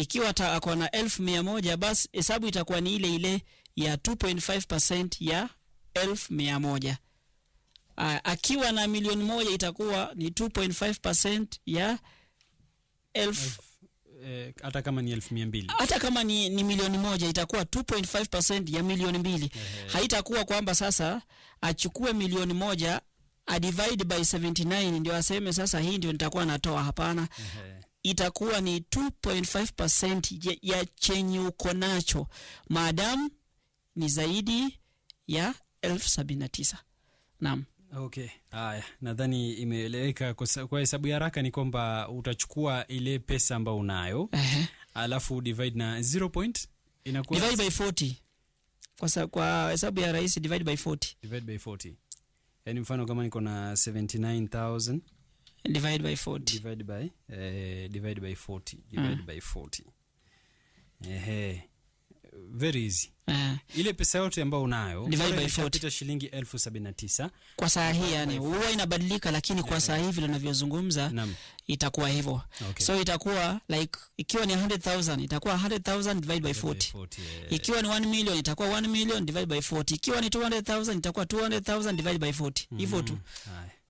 ikiwa atakuwa na elfu mia moja basi hesabu itakuwa ni ile ile ya 2.5% ya elfu mia moja. Akiwa na milioni moja itakuwa ni 2.5% ya elfu e, hata kama ni elfu mia mbili hata kama ni, ni milioni moja itakuwa 2.5% ya milioni mbili. Haitakuwa kwamba sasa achukue milioni moja a divide by 79 ndio aseme sasa hii ndio nitakuwa natoa. Hapana. Ehe itakuwa ni 2.5% ya chenye uko nacho maadamu ni zaidi ya 1079 Naam. Okay, haya, nadhani imeeleweka. Kwa hesabu ya haraka ni kwamba utachukua ile pesa ambayo unayo uh -huh. Alafu divide na 0 point inakuwa divide by 40 kwa kwa hesabu ya rahisi divide by 40, divide by 40, yaani mfano kama niko na 79000 divide by 40 divide by eh, divide by 40 mm. divide mm. by 40 ehe very easy uh, ile pesa yote ambayo unayo itapita shilingi elfu sabini na tisa kwa saa hii, yani huwa inabadilika, lakini kwa saa hii vile navyozungumza itakuwa hivyo okay. So itakuwa like ikiwa ni 100,000 itakuwa 100,000 divide by 40 40 yeah. Ikiwa ni 1 million itakuwa 1 million divide by 40 ikiwa ni 200,000 itakuwa 200,000 divide by 40 hivyo mm. hmm tu Aye.